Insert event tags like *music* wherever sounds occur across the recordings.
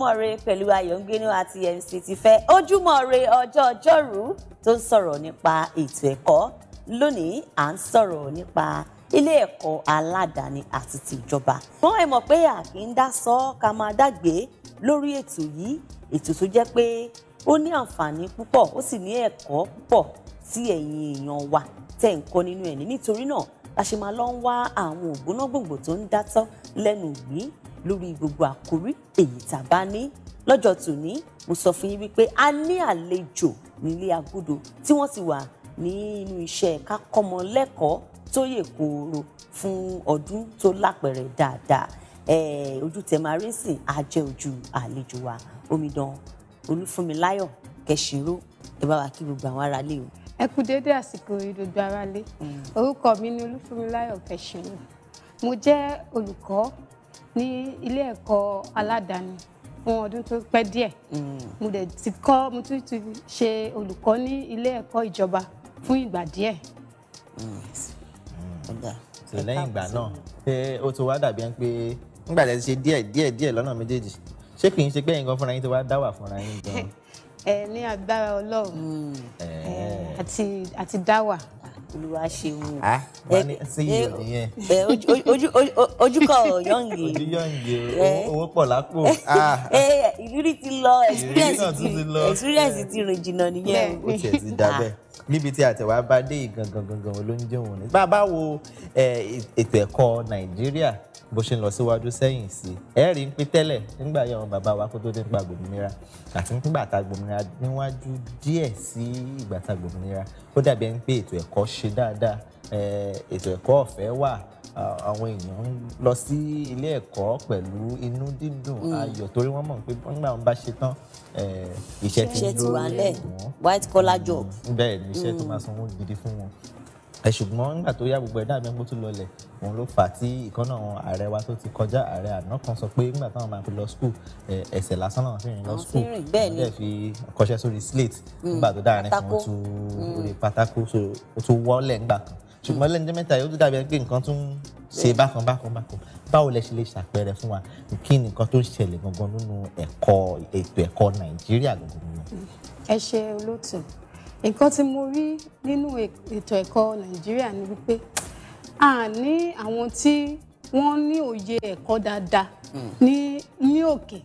ojúmọ́ re pẹ̀lú ayọ̀ngbínú àti mc ti fẹ́ ojúmọ́ re ọjọ́ ọjọ́rú tó ń sọ̀rọ̀ nípa ètò ẹ̀kọ́ lónìí à ń sọ̀rọ̀ nípa ilé ẹ̀kọ́ aládàáni àti ti ìjọba. wọ́n ẹ mọ̀ pé a kì í dá sọ ká máa dàgbé lórí ètò yìí ètò tó jẹ́ pé ó ní àǹfààní púpọ̀ ó sì ní ẹ̀kọ́ púpọ̀ tí ẹ̀yin èèyàn wa tẹ̀ ń kọ́ nínú ẹ̀ ní nítorí náà la lọ ń wá àwọn ògbónágbòǹgbò tó ń dátọ́ lẹ́nu yìí lórí gbogbo àkórí èyí tá a bá ní lọ́jọ́ tòní mo sọ fún yín wípé a ní àlejò nílé agudo tí wọ́n ti wà nínú iṣẹ́ kákọ́mọ lẹ́kọ̀ọ́ tó yè kooro fún ọdún tó lápẹ̀rẹ̀ dáadáa ojú tẹ máa rí sìn á ojú àlejò wa omidan olúfúnmiláyọ̀ kẹsìnró ẹ bá wa kí gbogbo àwọn aráalé o. ẹ kú déédéé àsìkò ìdòdó aráalé mm. orúkọ mi ni olúfúnmiláyọ̀ kẹsìnró mo jẹ́ olùkọ́ ní ilé ẹ̀kọ́ aládàáni fún ọdún tó pẹ́ díẹ̀ mo dẹ̀ ti kọ́ mo tún ti ṣe olùkọ́ ní ilé ẹ̀kọ́ ìjọba fún ìgbà díẹ̀. ṣe mm. lẹ́yìn ìgbà náà pé ó ti wá dàbí ẹni pé nígbà tí a ti ṣe díẹ̀ díẹ̀ díẹ̀ lọ́nà méjèèjì ṣé kì í ṣe pé nǹkan fúnra yín ti wá dá wà fúnra yín gan. *laughs* ẹ ní agbára Ọlọ́run mm. àti dá wà olúwa ṣeun ojúkọ yọǹgì ojú yọǹgì owó pọ̀ lápò. ìrírí ti lọ experience ti rìn jìnnà nìyẹn. ó tiẹ̀ ti dà bẹ́ẹ̀ níbi tí àtẹ̀wá bá dé gangan gangan ló ń jẹun ní. bá a bá wo ètò ẹ̀kọ́ nàìjíríà bó ṣe ń lọ síwájú sẹ́yìn sí ẹ rí i pé tẹ́lẹ̀ nígbà yẹn àwọn bàbá wa kó tó dé nípa gbòmìnira àti nígbà tá gbòmìnira níwájú díẹ̀ sí ìgbà tá gbòmìnira ó dàbí ẹni pé ètò ẹ̀kọ́ ṣe dáadáa ètò ẹ̀kọ́ ọ̀fẹ́ wà àwọn èèyàn lọ sí ilé ẹ̀kọ́ pẹ̀lú inú dídùn mm. ayọ̀ torí wọ́n mọ̀ pé nígbà wọn bá ṣe tán iṣẹ́ ti lórí wọn white collar job bẹ́ẹ̀ ni iṣẹ́ tó mm. máa sanwó gidi fún wọn ẹ ṣùgbọ́n nígbà tó yá gbogbo ẹ̀dá mi gbó tó lọlẹ̀ òun ló fà á tí ìkan ààrẹ wa tó ti kọjá ààrẹ àná kan sọ pé nígbà táwọn máa fi lọ skul ẹsẹ̀ lásán làwọn fi rìn lọ skul bẹ́ẹ̀ ni fi kọṣẹ́ sórí slate mm. nígbà tó dára ní kan tó tó wọ́lẹ̀ nígbà kan ṣùgbọ́n lẹ́nu jẹ́ mẹ́ta yóò dàbí pé nǹkan tún ṣe bákan bákan bákan báwo lẹ ṣe lè ṣàpẹẹrẹ fún wa kí ni nǹkan tó ń ṣẹlẹ̀ gangan nínú ẹ̀kọ́ ètò ẹ̀kọ́ nàìjíríà gangan. ẹ ṣe olóòtú nǹkan tí mo rí nínú ètò ẹ̀kọ́ nàìjíríà ni wípé a ní àwọn tí wọ́n ní òye ẹ̀kọ́ dáadáa ní ní òkè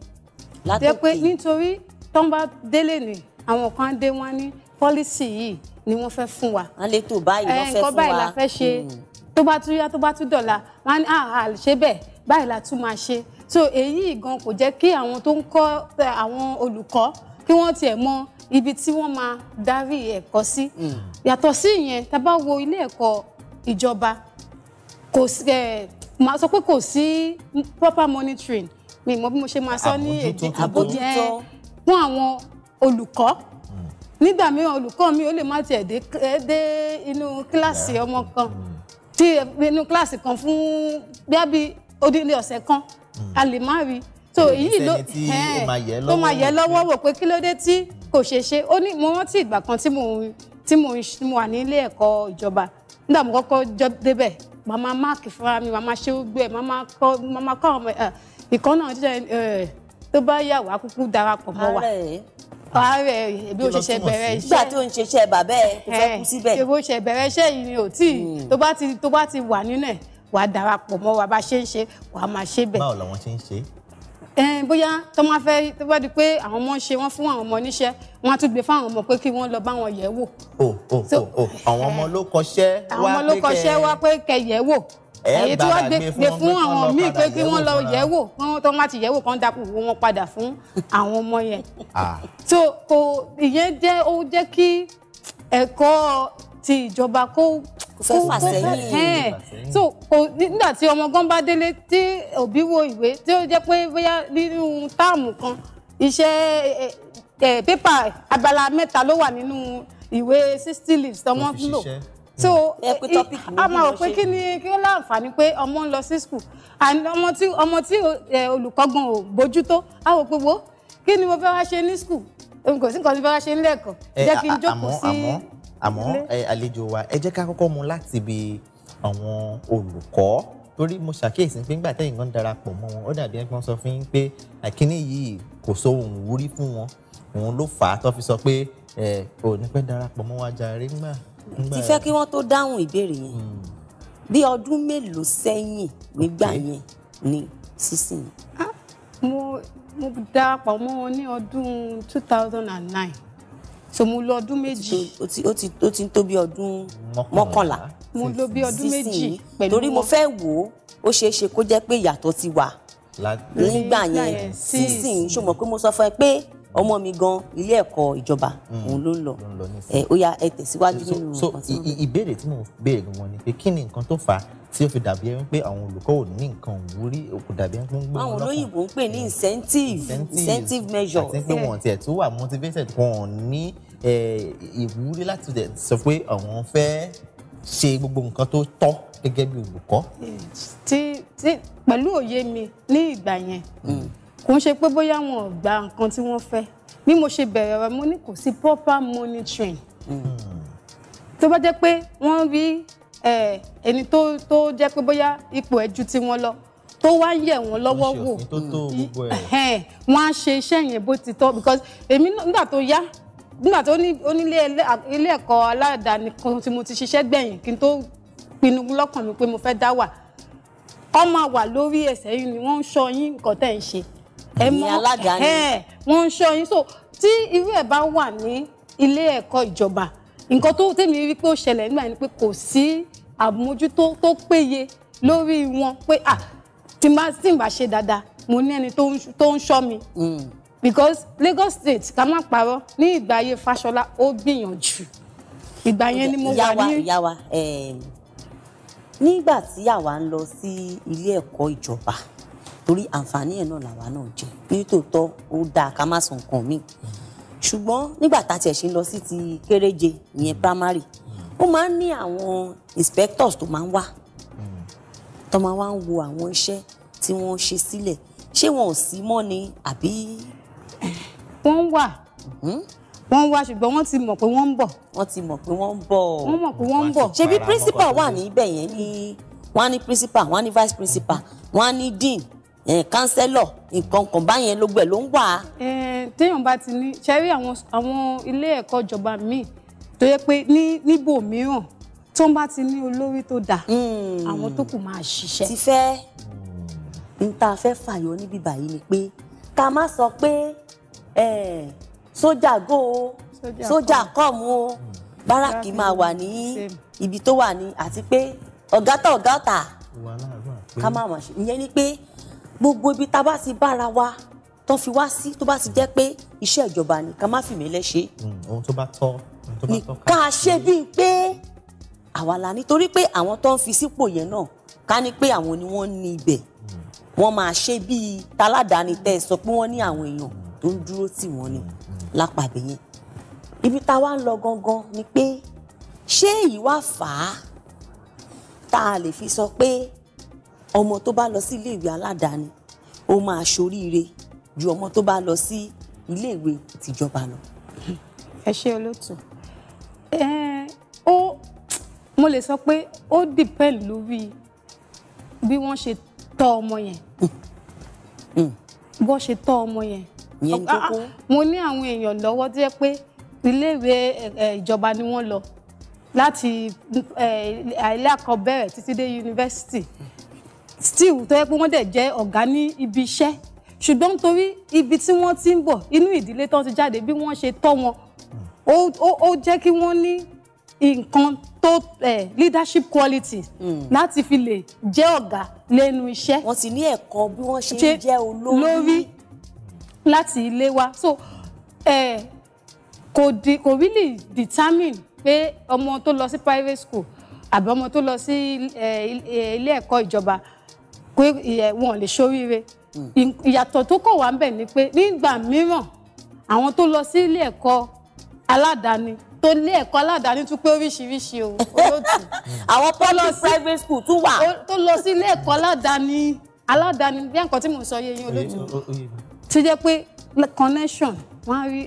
látòkè nítorí tó ń bá délé ni àwọn kan dé wọn ní pọ́lísì yìí ni wọ́n fẹ́ fún wa. wọ́n lè tó báyìí lọ́ eh, fẹ́ fún wa. nǹkan báyìí la fẹ́ ṣe hmm. tó bá tún yá tó bá tún dọ̀la wọ́n á ní ṣe bẹ́ẹ̀ báyìí la tún máa ṣe so èyí gan kò jẹ́ kí àwọn tó ń kọ́ eh, àwọn olùkọ́ kí wọ́n tiẹ̀ mọ ibi tí wọ́n máa darí ẹ̀kọ́ sí hmm. yàtọ̀ sí ìyẹn tá a bá wo ilé ẹ̀kọ́ ìjọba kò eh, máa sọ pé kò sí proper monitoring mi mọ bí mo ṣe máa sọ ní èdè àbójútó fún àwọn olùkọ́ nígbà mìíràn olùkọ́ mi ó lè má tiẹ̀ dé inú kíláàsì ọmọ kan mm. tí inú kíláàsì kan fún bíábí odindi ọ̀sẹ̀ kan mm. a lè má rí so èyí ló tó máa yẹ lọ́wọ́ wò pé kí ló dé tí kò ṣe ṣe ó ní mo rántí ìgbà kan tí mo tí mo wà ní ilé ẹ̀kọ́ ìjọba nígbà mo kọ́kọ́ jọ débẹ̀ màmá máàkì fúnra mi màmá ṣé ó gbé ẹ màmá kọ́ màmá kọ́ àwọn ìkànnà jíjẹ tó bá yà wá kúkú darapọ̀ mọ́ wa ààrẹ ebi ó ṣẹ̀ṣẹ̀ bẹ̀rẹ̀ iṣẹ́ nígbà tó ń ṣiṣẹ́ bàbá ẹ kò fẹ́ kú síbẹ̀ ebi ó ṣẹ̀ bẹ̀rẹ̀ iṣẹ́ yìí ni ò tí hmm. tó bá ti tó bá ti wà nínú ẹ̀ wà á darapọ̀ mọ́ wa bá ṣe ń ṣe wà á máa ṣe bẹ̀. báwo làwọn ṣe ń ṣe. bóyá tó máa fẹ́ tó bá di pé àwọn ọmọ ń ṣe wọ́n fún àwọn ọmọ níṣẹ́ wọ́n á tún gbé fáwọn ọmọ pé kí wọ́n lọ bá wọn yẹ̀ wò. o o o àwọn ọmọ ló kọ́ṣẹ́ wá pé kẹ́ èyí tí wọ́n gbé fún àwọn míì pé kí wọ́n lọ yẹ̀wò wọ́n tó má ti yẹ̀wò kan dákú wọn padà fún àwọn ọmọ yẹn so kò ìyẹn jẹ́ ó jẹ́ kí ẹ̀kọ́ ti ìjọba kó fẹ́ fàsẹ́yìn so kò nígbà tí ọmọ gan bá délé tí òbí wo ìwé tí ó jẹ́ pé bóyá nínú táàmù kan iṣẹ́ pépà abala mẹ́ta ló wà nínú ìwé sixty leaves tọmọ lò so hmm. eh, a máa rò pé kí ni kí ló láǹfààní pé ọmọ ń lọ sí skul ọmọ tí ọmọ tí eh, olùkọ́gbọ̀n ò bójútó a rò pé wo kí ni mo fẹ́ wá ṣe ní skul kò sí nǹkan tí mo fẹ́ wá ṣe nílé ẹ̀kọ́ jẹ́ eh, kí n jókòó sí ilé. àmọ́ àlejò wa ẹ jẹ́ ká kọ́kọ́ mu láti ibi àwọn olùkọ́ torí mo ṣàkíyèsí pé nígbà tẹ́yìn kan darapọ̀ mọ́ wọn ó dàbí ẹgbọ́n sọ fún yín pé àkíní yìí kò sóhun wúrí fún wọn òun ló fà á tó fi sọ pé ẹ ò ní pẹ́ darapọ̀ mọ́ wa jàre ńgbà. ti fẹ́ kí wọ́n tó dáhùn ìbéèrè yẹn hmm. bí ọdún mélòó sẹ́yìn nígbà yẹn ni sísìn. Ah, mo mo darapọ̀ mọ́ wọn ní ọdún two thousand and nine so mo lò ọdún méjì. ó ti ó ti ó ti ń tó bí ọdún mọ́kànlá. mo lò bí ọdún méjì pẹ̀lú wọn torí mo fẹ́ wò ó ó ṣeé ṣe kó jẹ́ pé ìyàtọ̀ ti wà nígbà yẹn sísìn ṣùgbọ́n pé mo sọ fún ẹ pé ọmọ mi gan ilé ẹ̀kọ́ ìjọba mm. òun ló ń lọ ó yá ẹ tẹ̀síwájú nínú nǹkan tí wọ́n. ìbéèrè tí mo béèrè wọn ni pé kí ni nǹkan tó fà á tí ó fi dàbí ẹni pé àwọn olùkọ́ ò ní nǹkan òwúrí kò dàbí ẹni pé ń gbé wọn lọ́kàn. àwọn olóyìnbó ń pè ní incentive incentive measure. àti pé wọn tiẹ̀ tó wà motivated wọn ò ní ìwúrí láti sọ pé àwọn fẹ́ ṣe gbogbo nǹkan tó tọ́ gẹ́gẹ́ bí olùkọ́. pẹ̀lú òye mi ní ìgbà yẹn mm kò ń ṣe pé bóyá wọn ò gba nǹkan tí wọ́n fẹ́ bí mo ṣe bẹ̀rẹ̀ ọ̀rọ̀ mo ní kò sí proper monitoring hmm. tó bá jẹ́ pé wọ́n rí ẹni tó tó jẹ́ pé bóyá ipò ẹ̀ ju ti wọn lọ tó wá yẹ̀ wọ́n lọ́wọ́ wò wọ́n á ṣe iṣẹ́ yẹn bó ti tọ́ because èmi nígbà tó yá nígbà tó ní ilé ẹ̀kọ́ aládàáni kan tí mo ti ṣiṣẹ́ gbẹ̀yìn kí n tó pinnu lọ́kàn mi pé mo fẹ́ dá wà ọmọ wà lórí ẹsẹ̀ yìí ni wọ́n ń sọ yín nǹkan tẹ́ ń ṣe ẹ mọ wọ́n ń ṣọ́ yín so tí irú ẹ̀ bá wà ní ilé ẹ̀kọ́ ìjọba nǹkan tó tẹ̀mí rí pé ó ṣẹlẹ̀ nígbà ni pé kò sí àmójútó tó péye lórí wọn pé ah tí má sì bá ṣe dáadáa mo ní ẹni tó ń ṣọ́ mi hmm. because Lagos State ká má parọ́ ní ìgbà ayé Fáṣọlá ó gbìyànjú ìgbà yẹn ni mo wà ní. ìyá wa nígbà tí àwa ń lọ sí ilé ẹ̀kọ́ ìjọba torí àǹfààní ẹ̀ náà làwa náà jẹ nítòótọ́ ó dáa ká má sọ nǹkan míì ṣùgbọ́n nígbà tá a tiẹ̀ ṣe lọ sí ti kéréje ìyẹn primary ó máa ń ní àwọn inspectors tó máa ń wá tó máa wá ń wo àwọn iṣẹ́ tí wọ́n ṣe sílẹ̀ ṣé wọn ò sí mọ́ ni àbí. wọ́n wà hmm? wọ́n wá ṣùgbọ́n wọ́n ti mọ̀ pé wọ́n ń bọ̀. wọ́n ti mọ̀ pé wọ́n ń bọ̀. wọ́n mọ̀ pé wọ́n ń bọ̀. ṣebí principal wà níbẹ̀ yẹn ni wọ́n á ní principal wọ́n á ní vice principal wọ́n á ní dean kánsẹ́lọ̀ eh, nǹkan kan báyẹn ló gbẹ ló ń wà. Eh, téèyàn bá ti ní ṣẹ́rí àwọn ilé ẹ̀kọ́ ìjọba míì tó yẹ pé níbò mìíràn tó ń bá ti ní olórí tó dáa hmm. àwọn tó kù máa ṣiṣẹ́. ti fẹ́ n ta fẹ́ fàyọ níbí báyìí ni pé ká má sọ pé eh, sójà go o sójà kọ́ọ̀mù o hmm. báràkì máa wà ní ibi tó wà ní àti pé ọ̀gá tó ọ̀gá ọ̀tà ká má wà ṣe ìyẹn ni pé gbogbo ibi tá a bá ti bára wa tó fi wá sí tó bá ti jẹ́ pé iṣẹ́ ìjọba ni ká má fi mí lẹ́ṣẹ̀. Hmm, ohun tó bá tọ́ ohun tó bá tọ́ ká ṣe bíi pé àwa la nítorí pé àwọn tó ń fi sípò yẹn náà ká ní pé àwọn ni wọ́n ní ibẹ̀ hmm. wọ́n máa ṣe bíi taládàáni tẹ́ ẹ sọ pé wọ́n ní àwọn èèyàn hmm. tó ń dúró tì wọ́n ni lápàdé yẹn ibi tá a wá ń lọ gangan ni pé ṣé èyí wá fà á tá a lè fi sọ pé ọmọ tó bá lọ sí iléèwé aládàáni ó máa ṣoríire ju ọmọ tó bá lọ sí iléèwé tìjọba lọ. ẹ ṣe olóòtú ó mo lè sọ pé ó depend lórí bí wọ́n ṣe tọ́ ọmọ yẹn hmm. hmm. bó ṣe tọ́ ọmọ yẹn ah, ah, mo ní àwọn èèyàn lọ́wọ́ tó yẹ pé iléèwé ìjọba ni wọ́n lọ láti ilé àkọ́bẹ̀rẹ̀ títí dé yunifásitì still tó yẹ pé wọ́n dẹ̀ jẹ́ ọ̀gá ní ibi iṣẹ́ ṣùgbọ́n nítorí ibi tí wọ́n ti ń bọ̀ inú ìdílé tán ti jáde bí wọ́n ṣe tọ́ wọn ó jẹ́ kí wọ́n ní nǹkan tó leadership quality hmm. láti fi lè jẹ́ ọ̀gá lẹ́nu iṣẹ́. wọ́n sì ní ẹ̀kọ́ bí wọ́n ṣe ń jẹ́ olórí láti ilé wa so kò really determine pé ọmọ tó lọ sí private school àbí ọmọ tó lọ sí ilé ẹ̀kọ́ ìjọba pé eh, wọn lè ṣoríire hmm. ìyàtọ̀ tó kàn wá ń bẹ̀ ni pé nígbà mìíràn àwọn tó lọ sí ilé ẹ̀kọ́ aládàáni tó lé ẹ̀kọ́ aládàáni tún pé oríṣiríṣi o *laughs* olóòtú. àwọn public private school tún wà. tó lọ sí ilé ẹ̀kọ́ aládàáni aládàáni bí nǹkan tí mò ń sọ yé yín olóòtú. ti jẹ́ pé connection wọ́n á rí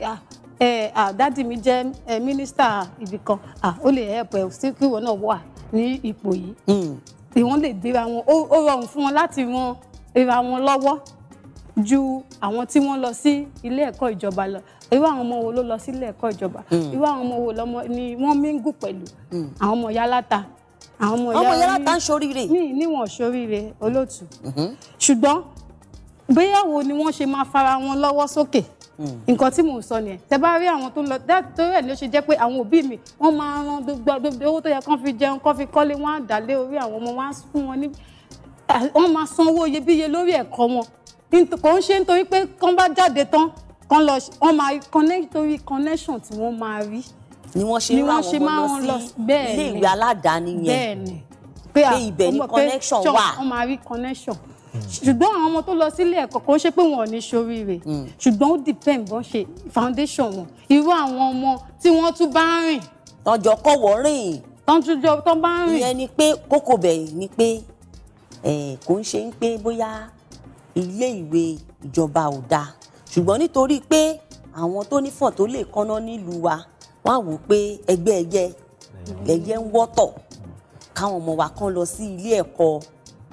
dádì mi jẹ́ mínísítà ibìkan ó lè help ẹ̀ sí kíwọ náà wà ní ipò yìí. Hmm tí wọ́n lè dira wọn ó rọrùn fún wọn láti ran ra wọn lọ́wọ́ ju àwọn tí wọ́n lọ sí ilé ẹ̀kọ́ ìjọba lọ irú àwọn ọmọ wo ló lọ sí ilé ẹ̀kọ́ ìjọba hmm. irú àwọn ọmọ wo lọmọ ni wọ́n mingu pẹ̀lú hmm. àwọn ọmọ yálàta àwọn ọmọ yálàta ọmọ yálàta ń ṣoríire ní níwọ̀n ṣoríire olóòtú mm-hmm. ṣùgbọ́n bóyá wo ni wọ́n ṣe máa fara wọn lọ́wọ́ sókè. So nǹkan tí mò ń sọ nìyẹn tẹ bá rí àwọn tó ń lọ torí ẹ̀ ló ṣe jẹ́ pé àwọn òbí mi wọ́n máa rán gbogbo owó tó yẹ kán fi jẹun kán fi kọ́lé wọ́n á dà lé orí àwọn ọmọ wọn á fún wọn ní wọ́n máa san owó iyebíye lórí ẹ̀kọ́ wọn kò ń ṣe nítorí pé kán bá jáde tán kán lọ wọ́n máa connect connection tí wọ́n máa rí ni wọ́n ṣe máa wọn lọ sí ilé ìwé aládàáni yẹn bẹ́ẹ̀ ni pé ibẹ̀ ni connection wà ṣùgbọ́n àwọn ọmọ tó lọ sílé ẹ̀kọ́ kò ń ṣe pé wọn ò ní ṣoríire mm. ṣùgbọ́n ó depend bọ́n ṣe foundation wọn irú àwọn ọmọ tí wọ́n tún bá ń rìn. tọjọ kọwọ rìn. tọjọ tó bá ń rìn. ìyẹn ni pé kókó bẹ̀rẹ̀ ni pé kò ń ṣe ń pé bóyá ilé ìwé ìjọba ò dáa ṣùgbọ́n nítorí pé àwọn tó nífọ̀ tó lè kọ́ná nílùú wa wọ́n á wò pé ẹgbẹ́ ẹyẹ ẹyẹ ń wọ́tọ̀ káwọn ọmọ wa kan lọ sí ilé ẹ̀kọ́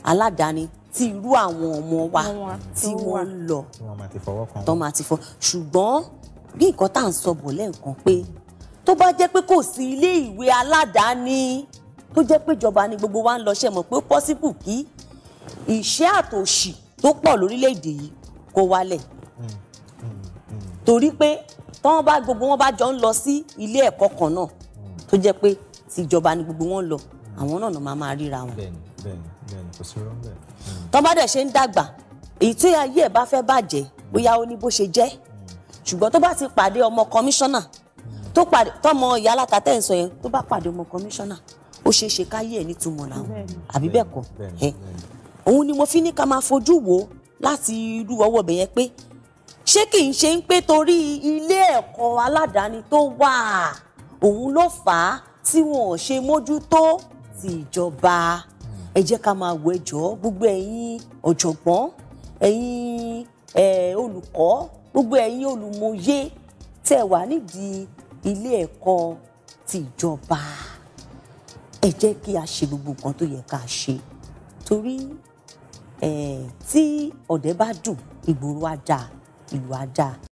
aládàáni ti irú àwọn ọmọ wa tí wọ́n lọ tó máa ti fọwọ́ ṣùgbọ́n bí nǹkan tá à ń sọ bọ̀ lẹ́ẹ̀kan pé tó bá jẹ́ pé kò sí ilé ìwé aládàáni tó jẹ́ pé ìjọba ni gbogbo wa ń lọ ṣe mọ̀ pé pọ́sibù kí ìṣẹ́ àtòṣì tó pọ̀ lórílẹ̀‐èdè yìí kó wálẹ̀ hmm, hmm, hmm. torí pé tọ́wọ́n bá gbogbo wọn bá jọ ń lọ sí ilé ẹ̀kọ́ kan náà tó jẹ́ pé tìjọba ni gbogbo wọn lọ àwọn náà máa máa ríra wọn. bẹ́ẹ̀ni bẹ́ẹ̀ni bẹ́ẹ̀ni kò sí rọ bẹ́ẹ̀ tó bá dẹ̀ ṣe ń dàgbà èyí tí ayé ẹ̀ bá fẹ́ bàjẹ́ bóyá ó ní bó ṣe jẹ́ ṣùgbọ́n tó bá ti pàdé ọmọ kọmíṣánná tó pàdé tọmọ ìyá aláta tẹ́ ń sọ yẹn tó bá pàdé ọmọ kọmíṣánná ó ṣeé ṣe káyé ẹ̀ nítumọ̀ làwọn àbí bẹ́ẹ̀ kọ́ òun ni mo fi ní ká máa fojú wò láti irú ọwọ́ ibẹ̀ yẹn pé ṣé kì í ṣe ń pé torí ilé ẹ̀kọ́ aládàáni tó wà òun ló fà á tí wọn ò ṣe mójútó ti ìjọba ẹ jẹ́ ká máa wọ ẹjọ́ gbogbo ẹ̀yin ọ̀jọ̀gbọ́n ẹ̀yin olùkọ́ gbogbo ẹ̀yin olùmọ̀ye tẹ̀ wà nídìí ilé ẹ̀kọ́ tìjọba ẹ jẹ́ kí a ṣe gbogbo nǹkan tó yẹ ká ṣe torí tí ọ̀dẹ̀ bá dùn ìgboro á dáa ìlú á dáa.